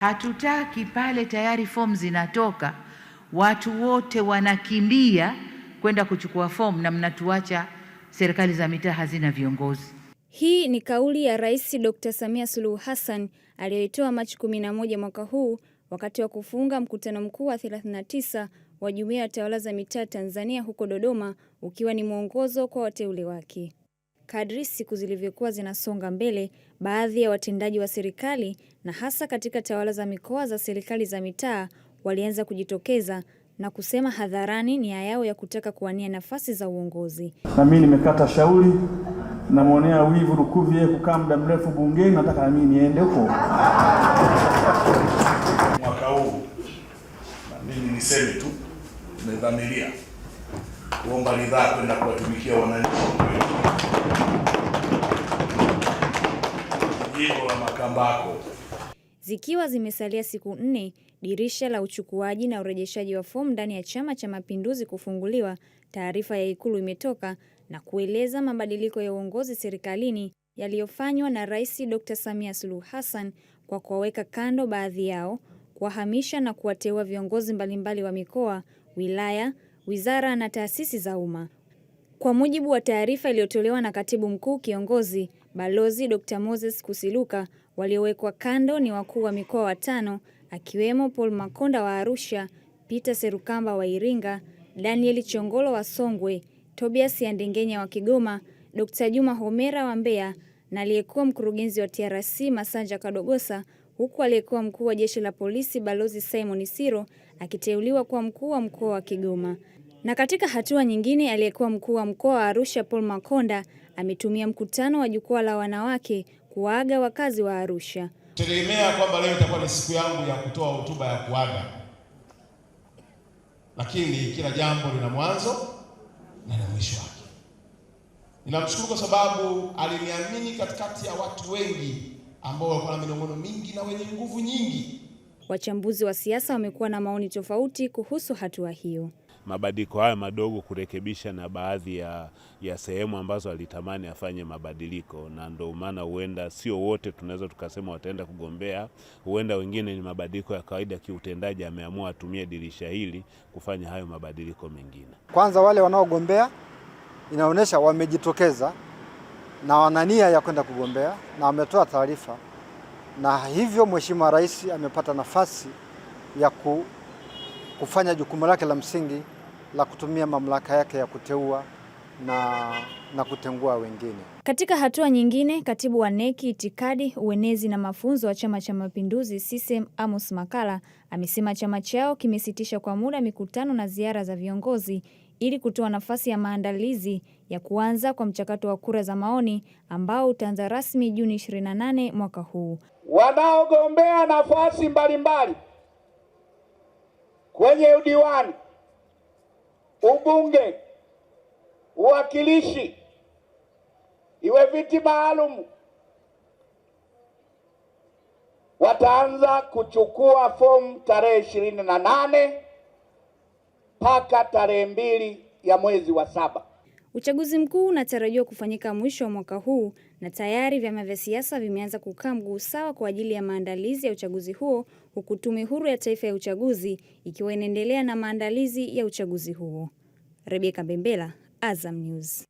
Hatutaki pale tayari fomu zinatoka watu wote wanakimbia kwenda kuchukua fomu na mnatuacha serikali za mitaa hazina viongozi. Hii ni kauli ya Rais Dr. Samia Suluhu Hassan aliyoitoa Machi 11 mwaka huu wakati wa kufunga mkutano mkuu wa 39 wa Jumuiya ya Tawala za Mitaa Tanzania huko Dodoma ukiwa ni mwongozo kwa wateule wake. Kadri siku zilivyokuwa zinasonga mbele, baadhi ya watendaji wa serikali na hasa katika tawala za mikoa za serikali za mitaa walianza kujitokeza na kusema hadharani nia yao ya kutaka kuwania nafasi za uongozi. Na mimi nimekata shauri, namwonea wivu Rukuvye kukaa muda mrefu bungeni, nataka nami niende huko mwaka huu. Na mimi niseme tu, nimedhamiria kuomba ridhaa kwenda kuwatumikia wananchi. tambako. Zikiwa zimesalia siku nne, dirisha la uchukuaji na urejeshaji wa fomu ndani ya Chama cha Mapinduzi kufunguliwa, taarifa ya Ikulu imetoka na kueleza mabadiliko ya uongozi serikalini yaliyofanywa na Rais Dr. Samia Suluhu Hassan kwa kuwaweka kando baadhi yao, kuwahamisha na kuwateua viongozi mbalimbali wa mikoa, wilaya, wizara na taasisi za umma. Kwa mujibu wa taarifa iliyotolewa na Katibu Mkuu Kiongozi Balozi Dr. Moses Kusiluka, waliowekwa kando ni wakuu wa mikoa watano akiwemo Paul Makonda wa Arusha, Peter Serukamba wa Iringa, Daniel Chongolo wa Songwe, Tobias Yandengenya wa Kigoma, Dr. Juma Homera wa Mbeya na aliyekuwa mkurugenzi wa TRC Masanja Kadogosa, huku aliyekuwa mkuu wa jeshi la polisi Balozi Simon Siro akiteuliwa kuwa mkuu wa mkoa wa Kigoma. Na katika hatua nyingine, aliyekuwa mkuu wa mkoa wa Arusha Paul Makonda ametumia mkutano wa jukwaa la wanawake kuwaaga wakazi wa Arusha. Tegemea kwamba leo itakuwa ni siku yangu ya kutoa hotuba ya kuaga, lakini kila jambo lina mwanzo na lina mwisho wake. Ninamshukuru kwa sababu aliniamini katikati ya watu wengi ambao walikuwa na minong'ono mingi na wenye nguvu nyingi. Wachambuzi wa siasa wamekuwa na maoni tofauti kuhusu hatua hiyo mabadiliko haya madogo kurekebisha na baadhi ya, ya sehemu ambazo alitamani afanye mabadiliko, na ndio maana huenda sio wote tunaweza tukasema wataenda kugombea. Huenda wengine ni mabadiliko ya kawaida kiutendaji, ameamua atumie dirisha hili kufanya hayo mabadiliko mengine. Kwanza wale wanaogombea inaonyesha wamejitokeza na wana nia ya kwenda kugombea na wametoa taarifa, na hivyo Mheshimiwa Rais amepata nafasi ya ku kufanya jukumu lake la msingi la kutumia mamlaka yake ya kuteua na, na kutengua wengine. Katika hatua nyingine, katibu wa neki itikadi, uenezi na mafunzo wa Chama cha Mapinduzi CCM Amos makala amesema chama chao kimesitisha kwa muda mikutano na ziara za viongozi ili kutoa nafasi ya maandalizi ya kuanza kwa mchakato wa kura za maoni ambao utaanza rasmi Juni 28 mwaka huu. Wanaogombea nafasi mbalimbali kwenye udiwani, ubunge, uwakilishi, iwe viti maalum, wataanza kuchukua fomu tarehe ishirini na nane mpaka tarehe mbili ya mwezi wa saba. Uchaguzi mkuu unatarajiwa kufanyika mwisho wa mwaka huu na tayari vyama vya siasa vimeanza kukaa mguu sawa kwa ajili ya maandalizi ya uchaguzi huo huku Tume Huru ya Taifa ya Uchaguzi ikiwa inaendelea na maandalizi ya uchaguzi huo. Rebeka Bembela, Azam News.